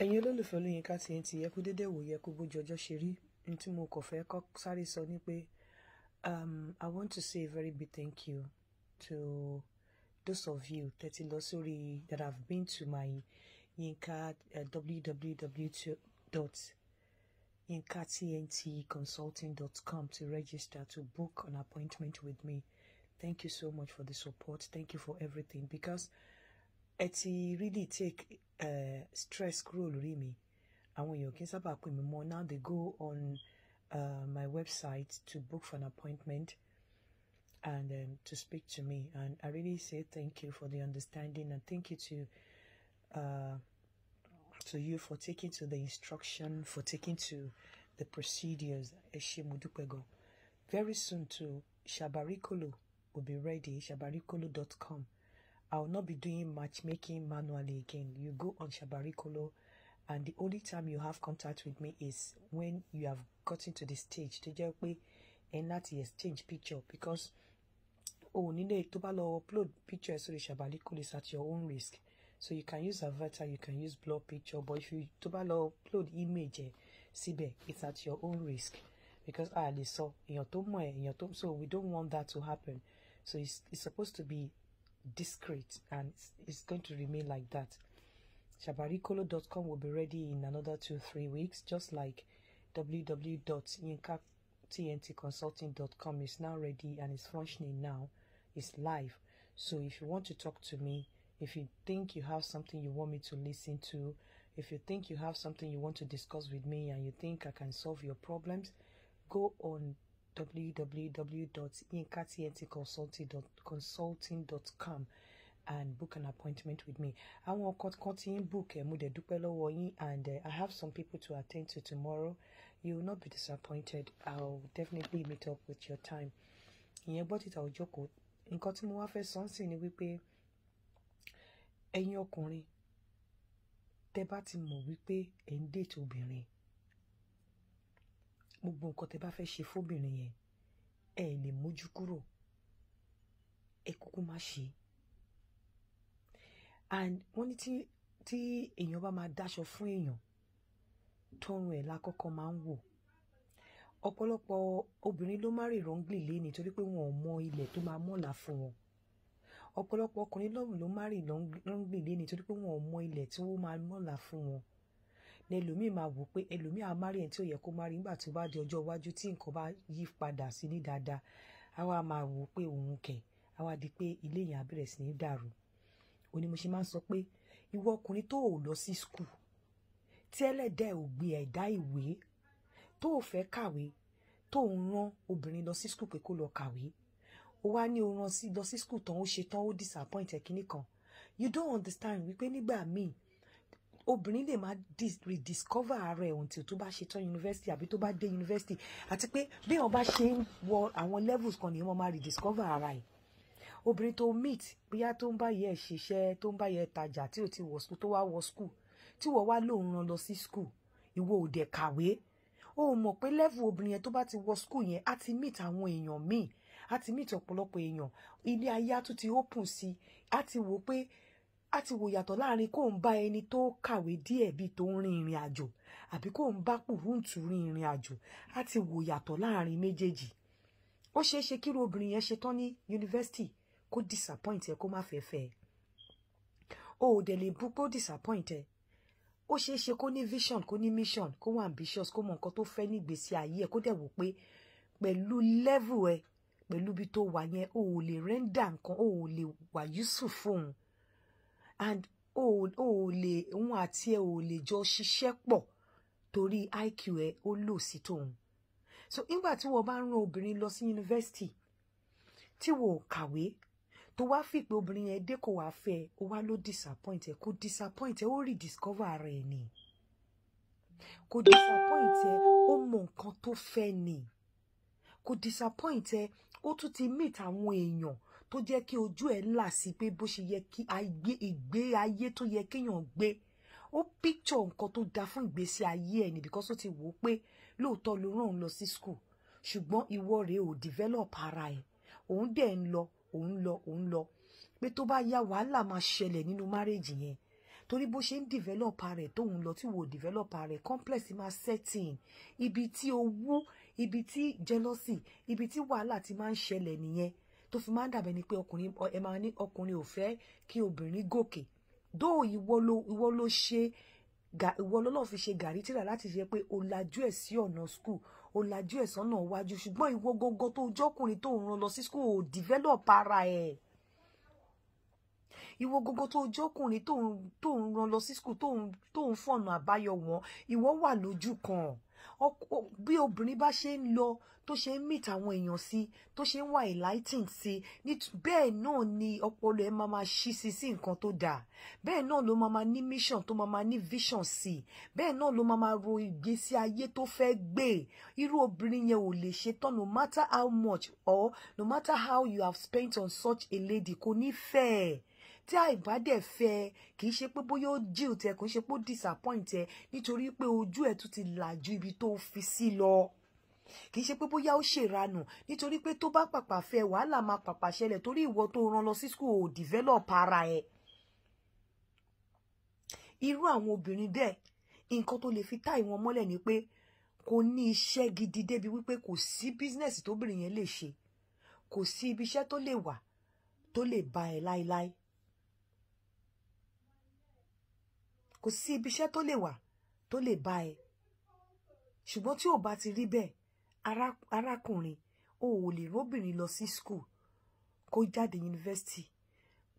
ẹ̀yin olólùfẹ́ Olóyinka TNT ẹ kú dédé wò yẹ kú bójú ọjọ́ ṣe rí ní tí mo kọ̀ fẹ́ kọ́ sáré sọ ni pé um, I want to say a very big thank you to those of you tẹ́tí lọ sórí that have been to my Yinka uh, www dot consulting dot com to register to book an appointment with me. Thank you so much for the support. Thank you for everything because It really take uh, stress kúrò really, mi àwọn your kids í sábà pè mí mọ́ now they go on uh, my website to book for an appointment and um, to speak to me and I really say thank you for the understanding and thank you to uh, to you for taking to the instruction for taking to the procedures very soon too shabarikolo will be ready shabarikolo.com. I will not be doing matchmaking manually again. You go on Shabarikolo, and the only time you have contact with me is when you have gotten to the stage to jẹ́ pé ẹ̀ láti exchange picture because oh, nílé tó bá upload picture sórí Shabarikolo is at your own risk. So you can use avatar, you can use blur picture, but if you tó upload image síbẹ̀ it's at your own risk because I lè sọ èèyàn tó mọ̀ ẹ̀ èèyàn tó so we don't want that to happen. So it's, it's supposed to be discreet and it's, it's going to remain like that. Shabarikolo.com will be ready in another two, three weeks, just like www.yinkatntconsulting.com is now ready and is functioning now. It's live. So if you want to talk to me, if you think you have something you want me to listen to, if you think you have something you want to discuss with me and you think I can solve your problems, go on www.yinkatntconsulting.com and book an appointment with me. Àwọn ọkàn kan ti ń book ẹ̀ mo dẹ̀ dúpẹ́ lọ́wọ́ yín and uh, I have some people to attend to tomorrow. You will not be disappointed. I'll definitely meet up with your time. Ìyẹn gbọ́ títà òjòkó. Nǹkan tí mo wá fẹ́ sọ ń sìn ni wípé ẹ̀yin ọkùnrin tẹ́ bá ti mọ̀ wípé ẹ̀ ń dètò obìnrin gbogbo nǹkan tẹ́ bá fẹ́ ṣe fóbìnrin yẹn ẹ lè mójú kúrò ẹ kúkú má ṣe and wọ́n ní tí tí èèyàn bá máa dáṣọ fún èèyàn tọrùn ẹ̀ lákọ́kọ́ máa ń wò ọ̀pọ̀lọpọ̀ obìnrin ló má rè rọ́ngbì lé nítorí pé wọn ò mọ ilẹ̀ tó máa mọ̀là fún wọn ọ̀pọ̀lọpọ̀ ọkùnrin lọ́rùn ló má rè rọ́ngbì lé nítorí pé wọn ò mọ ilẹ̀ tí wọ́n máa mọ̀là fún wọn ní ẹlòmíì máa wò pé ẹlòmíì á márì ẹni tí ó yẹ kó márì nígbà tó bá di ọjọ́ iwájú tí nǹkan bá yí padà sí ní dáadáa á máa wò pé òun kẹ̀ á di pé ilé yẹn á sí ní dàrú ó mo ṣe máa ń sọ pé ìwọ ọkùnrin tó ò lọ sí skul tí ẹlẹ́dẹ̀ ò gbé ẹ̀dá ìwé tó ò fẹ́ kàwé tó ò ń obìnrin lọ sí skul pé kó lọ kàwé ó wá ní o lọ sí skul tán ó ṣe tán ó disappoint ẹ̀kíní kan you don't understand wípé nígbà míì obìnrin lè máa rediscover ara ẹ̀ until tó bá ṣe tán yunifásitì àbí tó bá dé yunifásitì àti pé bí wọ́n bá ṣe ń wọ àwọn levels kan nìyẹn wọ́n máa rediscover ara ẹ̀ obìnrin tó meet bóyá tó ń bá yẹ ṣiṣẹ́ tó ń bá yẹ tajà tí ò ti wọ̀ school tó wá wọ school tí wọ́n wá lóun rán lọ sí school ìwọ ò dẹ̀ kàwé o mọ̀ pé level obìnrin yẹn tó bá ti wọ school yẹn á ti meet àwọn èèyàn míì á ti meet ọ̀pọ̀lọpọ̀ èèyàn ilé ayé á tún ti open sí i á ti wò pé a ti wò yàtọ̀ láàrin kó ń bá ẹni tó kàwé díẹ̀ bíi tó ń rin ìrìn àjò àbí kó ń bá pùrúǹtù rin ìrìn àjò a ti wò yàtọ̀ láàrin méjèèjì ó ṣeé ṣe kíru obìnrin yẹn ṣe tán ní yunifásitì kó disappoint ẹ kó má fẹ́ fẹ́ o ò dẹ̀ lè bú kó disappoint ẹ ó ṣeé ṣe kó ní vision kó ní mission kó wà ambitious kó mọ nǹkan tó fẹ́ ní ìgbésí ayé ẹ kó dẹ̀ wò pé pẹ̀lú level ẹ pẹ̀lú ibi tó wà yẹn o ò lè render nǹkan o ò lè wà useful fóun and o ò le òun àti ẹ ò lè jọ ṣiṣẹ́ pọ̀ torí IQ ẹ ó lò sí tòun so nígbà tí wọ́n bá ń ran obìnrin lọ sí yunifásitì tí wọ́n ò kàwé tó wá fìpé obìnrin yẹn dé kò wá fẹ́ ó wá ló disappoint ẹ kò disappoint ẹ ó rediscover ara ẹ ni kò disappoint ẹ ó mọ nǹkan tó fẹ́ ni kò disappoint ẹ ó tún ti meet àwọn èèyàn tó jẹ́ kí ojú ẹ̀ là sí pé bó ṣe yẹ kí ìgbé ayé tó yẹ kéèyàn gbé ó píkṣọ nǹkan tó dáa fún ìgbésí ayé ẹ̀ ni because ó ti wò ó pé lóòótọ́ ló ràn lọ sí school ṣùgbọ́n ìwọ rèé ò develop ara ẹ̀ òun dẹ̀ ń lọ òun lọ òun lọ pé tó bá yá wàhálà máa ṣẹlẹ̀ nínú márèèjì yẹn torí bó ṣe ń develop rẹ̀ tóun lọ tí wò develop rẹ̀ complex máa setting ibi tí owú ibi tí jealousy ibi tí wàhálà ti máa ń ṣẹlẹ̀ nìyẹn tó fi máa ń dàbẹ̀ ni pé ọkùnrin ẹ máa ní ọkùnrin ò fẹ́ kí obìnrin gòkè dó ìwọ ló ìwọ ló ṣe ìwọ lọ́lọ́ fi ṣe gàrí tíra láti ṣe pé o lajú ẹ̀ sí ọ̀nà school o lajú ẹ̀ sọ́nà iwájú ṣùgbọ́n ìwọ gógó tó jọ́kùnrin tó ràn lọ sí school ò develop ara ẹ̀ ìwọ gógó tó jọ́kùnrin tó ń ràn lọ sí school tó ń fọ̀nà àbáyọ wọn ìwọ wà lójú kan bí obìnrin bá ṣe ń lọ tó ṣe ń meet àwọn èèyàn sí tó ṣe ń wà enlightened sí bẹ́ẹ̀ náà ni ọpọlọ ẹ máa máa ṣí sí sí nǹkan tó dáa bẹ́ẹ̀ náà ló máa máa ní mission tó máa máa ní vision sí bẹ́ẹ̀ náà ló máa máa ro ìgbésí ayé tó fẹ́ gbé irú obìnrin yẹn ò lè ṣe tán no matter how much or no matter how you have spent on such a lady kò ní fẹ́ẹ̀ tí àìbá dẹ̀ fẹ́ ẹ kì í ṣe pé bóyá ó jíù tẹ kò ń ṣe pé ó disappoint ẹ nítorí pé ojú ẹ̀ tún ti là ju ibi tó fi sí lọ kì í ṣe pé bóyá ó ṣèranù nítorí pé tó bá pàpà fẹ́ wàhálà máa pàpà ṣẹlẹ̀ torí ìwọ tó rán lọ sí school ò develop ara ẹ irú àwọn obìnrin bẹ́ẹ̀ nǹkan tó lè fi tá ìwọ̀n mọ́lẹ̀ ni pé kò ní iṣẹ́ gidi débi wípé kò sí bísínẹ́sì tóbìnrin yẹn lè ṣe kò sí ibi iṣẹ́ tó lè wà tó lè bá ẹ láéláé kò sí ibi iṣẹ́ tó lè wà tó lè bá ẹ ṣùgbọ́n tí ò bá ti rí bẹ́ẹ̀ arákùnrin o ò lè róbìnrin lọ sí school kó jáde yunifásitì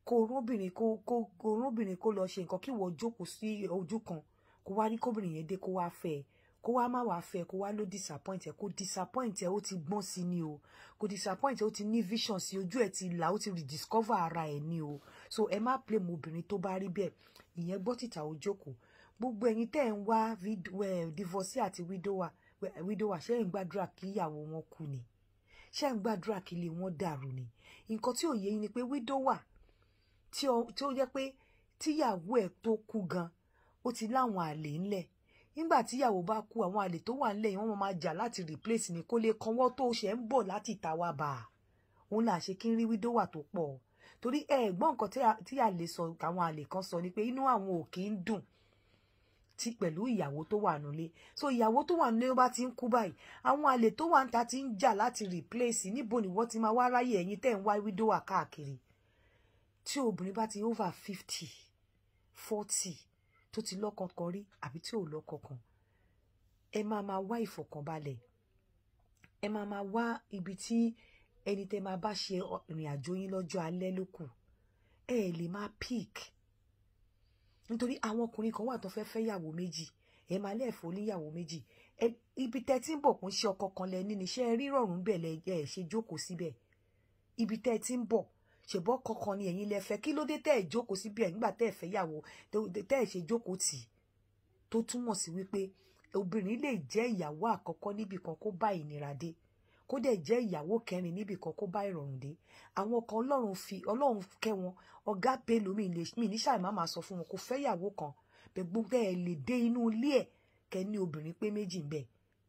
kó róbìnrin kó kó kó róbìnrin kó lọ ṣe nǹkan kí wọ́n jókòó sí ojú kan kó wá rí kóbìnrin yẹn dé kó wá fẹ́ ẹ kó wá má wá fẹ́ ẹ kó wá ló disappoint ẹ kó disappoint ẹ ó ti gbọ́n sí ni o kó disappoint ẹ ó ti ní vision sí ojú ẹ ti là ó ti rediscover ara ẹ ni o so ẹ má blame obìnrin tó bá rí bẹ́ẹ̀ ìyẹn gbọ́ tìta ò jókòó gbogbo ẹ̀yin tẹ́ ẹ̀ ń wá divorce àti widowa ṣé ń gbàdúrà kí ìyàwó wọn kú ni ṣé ń gbàdúrà kí ilé wọn dàrú ni nǹkan tí ò yé yín ni pé widowa tí ó yẹ pé tíyàwó ẹ̀ tó kú gan ó ti láwọn àlè ńlẹ̀ nígbà tíyàwó bá kú àwọn àlè tó wà ńlẹ̀ yìí máa jà láti replace ni kó lè kanwọ́ tó ṣe ń bọ̀ láti ìta bá a òun là ṣe kí ń rí widowa tó pọ̀ ọ́ torí ẹ gbọ́ nǹkan tí a lè sọ àwọn àlè kan sọ ni pé inú àwọn ò kì í dùn ti pẹ̀lú ìyàwó tó wà nulẹ̀ so ìyàwó tó wà nulẹ̀ bá ti ń kú báyìí àwọn àlè tó wà níta ti ń jà láti replace níbo ni wọ́n ti máa wá ráyè ẹ̀yin tẹ́ ń wá wídówà káàkiri tí obìnrin bá ti over fifty forty tó ti lọ́kọ kan rí àbí tí ò lọ́kọ kan ẹ máa máa wá ìfọ̀kànbalẹ̀ ẹ máa máa wá ibi tí ẹni tẹ́ máa bá ṣe ìrìn àjò yín lọ́jọ́ alẹ́ ló kù ẹ lè máa pick nítorí àwọn ọkùnrin kan wà tó fẹ́ fẹ́ yàwó méjì ẹ máa lẹ́ẹ̀fọ́ níyàwó méjì ibi tẹ́ ti ń bọ̀ kún ṣe ọkọ kan lẹ ní níṣẹ́ rírọ̀rùn bẹ̀ lẹ ẹ ṣe jókòó síbẹ̀ ibi tẹ́ ti ń bọ̀ ṣèbọ̀ kankan ni ẹ̀yin lẹ fẹ́ kí ló dé tẹ́ ẹ̀ jókòó síbẹ̀ nígbà tẹ́ ẹ̀ fẹ́ yàwó tẹ́ ẹ̀ ṣe jókòó tì tó túmọ̀ sí wípé obìnrin lè jẹ́ ìyàwó àkọ́kọ́ níbì kó bá ìnira dé kó dẹ̀ jẹ́ ìyàwó kẹrin níbì kan kó bá ìrọ̀rùn dé àwọn kan ọlọ́run fi ọlọ́run kẹ́ wọn ọ̀gá pẹ̀lú mi ní ṣàìmá máa sọ fún wọn kó fẹ́ ìyàwó kan gbogbo ẹ̀ lè dé inú ilé ẹ̀ kẹ́ ní obìnrin pé méjì ń bẹ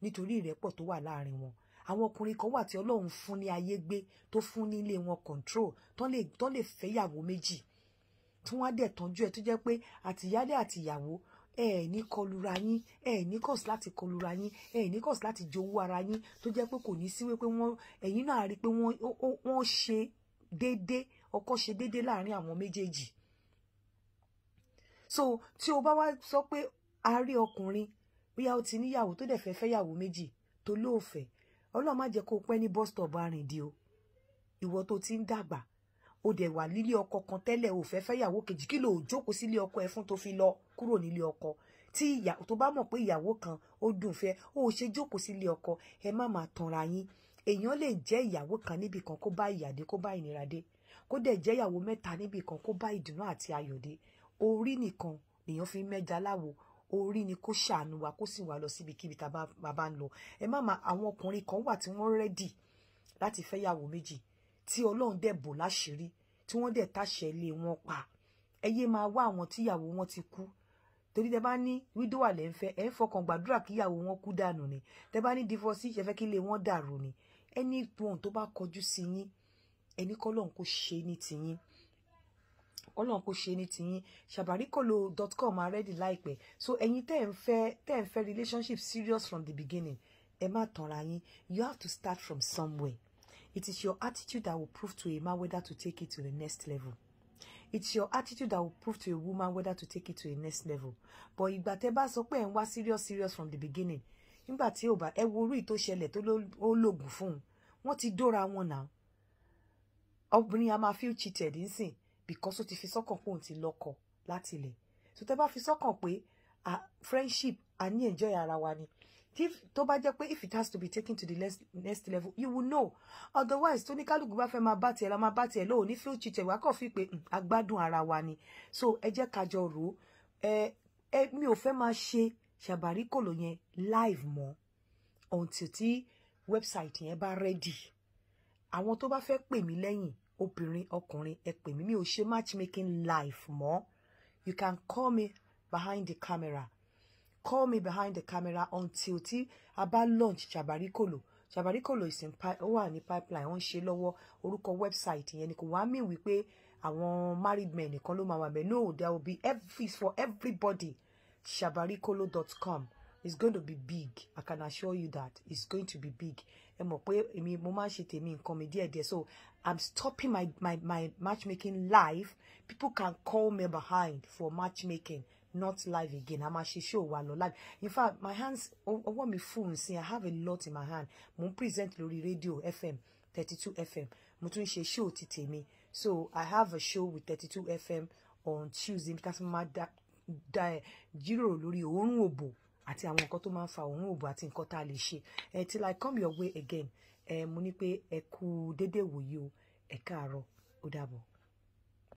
nítorí ìrẹ́pọ̀ tó wà láàrin wọn àwọn ọkùnrin kan wà tí ọlọ́run fún ní ayé gbé tó fún ní ilé wọn control tán lè fẹ́ ìyàwó méjì tí wọ́n á dẹ̀ tọ́jú ẹ̀ tó jẹ́ pé àtìyálé àtìyàwó ẹ ẹ̀ ní kọlura yín ẹ ẹ̀ ní kọ̀sí láti kọlura yín ẹ ẹ̀ ní kọ̀sí láti jowó ara yín tó jẹ́ pé kò ní sí wípé wọ́n ẹ̀yin náà rí i pé wọ́n ṣe déédé ọkọ ṣe déédé láàrin àwọn méjèèjì so tí o bá wá sọ pé a rí ọkùnrin bóyá o ti níyàwó tó dẹ̀ fẹ́ fẹ́yàwó méjì tó lóòfẹ́ ọlọ́run má jẹ́ kó pẹ́ ní bus stop arìndí o ìwọ tó ti ń dàgbà o dẹ̀ wà nílé ọkọ kan tẹ́lẹ̀ o fẹ́ fẹ́yàwó kejì kí ló o jókòó sílé ọkọ ẹ fún tó fi lọ kúrò nílé ọkọ tí ìyàwó tó bá mọ̀ pé ìyàwó kan ó dùn fẹ́ o ò ṣe jókòó sílé ọkọ ẹ má máa tanra yín èèyàn lè jẹ́ ìyàwó kan níbì kan kó bá ìyàdé kó bá ìnira dé kó dẹ̀ jẹ́ ìyàwó mẹ́ta níbì kan kó bá ìdùnnú àti ayọ̀ orí nìkan nìyàn fi mẹ́ja láwo orí ni kó ṣàánú wa kó sì wà lọ síbikíbi tá a bá ń lọ ẹ má máa àwọn ọkùnrin kan wà tí wọ́n rẹ́dì láti fẹ́yàwó méjì tí Ọlọ́run dẹ̀ bò láṣìírí tí wọ́n dẹ̀ táṣẹ ilé wọn pa ẹyẹ máa wá àwọn tíyàwó wọn ti kú torí tẹ bá ní wídówà lẹ́ ń fẹ́ ẹ̀ ń fọkàn gbàdúrà kíyàwó wọn kú dànù ni tẹ bá ní dífọ́sí ṣe fẹ́ kí ilé wọn dàrú ni ẹni wọn tó bá kọjú sí yín ẹni kọ́lọ́n kò ṣe ní tiyín kọ́lọ́n kò ṣe ní tiyín ṣàbàríkòlò dot com máa rẹ́dì láìpẹ́ so ẹ̀yin tẹ́ ń fẹ́ tẹ́ ń fẹ́ relationship serious from the beginning ẹ má tanra yín you have to start from somewhere It is your attitude that will prove to a man whether to take it to the next level. It's your attitude that will prove to a woman whether to take it to the next level. But if tẹ́ bá sọ pé ẹ̀ serious serious from the beginning. Nígbà tí ò bá ẹ wo orí tó ṣẹlẹ̀ tó lóògùn fún un. Wọ́n ti dóra wọn náà. Obìnrin a feel cheated nsìn because ó ti fi sọ́kàn pé òun ti lọ́kọ láti ilẹ̀. So tẹ́ bá fi sọ́kàn pé friendship a enjoy ara wa if toba bá jẹ́ if it has to be taken to the next, next level you will know otherwise tó Kalugu ba fe ma máa bá tiẹ̀ la máa bá tiẹ̀ lóò ní fíl chìtẹ̀ wá kàn fi pé mm, agbádùn ara wa ni so ẹ jẹ́ ká jọ rò ó ẹ mi ò ma máa ṣe ṣàbáríkòlò yẹn live mọ́ until tí website yẹn bá ready àwọn tó bá fe pè mí lẹ́yìn obìnrin ọkùnrin ẹ pè mí mi ò ṣe matchmaking live mọ́ you can call me behind the camera call me behind the camera until tí a bá launch Shabarikolo Shabarikolo ìsìn ó wà ní pipeline wọ́n ń ṣe lọ́wọ́ orúkọ website yẹn ni kò wá mí wípé àwọn married men nìkan ló máa wà mẹ́ no there will be every for everybody shabarikolo.com it's going to be big i can assure you that it's going to be big ẹ mọ̀ pé èmi mo máa ń ṣe tèmi nǹkan mi díẹ̀díẹ̀ so i'm stopping my my my matchmaking live people can call me behind for matchmaking not live again a máa ṣe show wa live in fact my hands ọwọ́ mi full n sin i have a lot in my hand mo present lórí rédíò fm 32 fm mo tún ṣe show ti me. so i have a show with 32 fm on tuesday because my mo máa da da ẹ eh, jíròrò lórí òórùn òbò àti fa òórùn òbò àti nǹkan tá a lè ṣe eh, till i come your way again ẹ eh, mo ní pé ẹ kú déédéé wòye o ẹ káàárọ̀ ó dàbọ̀.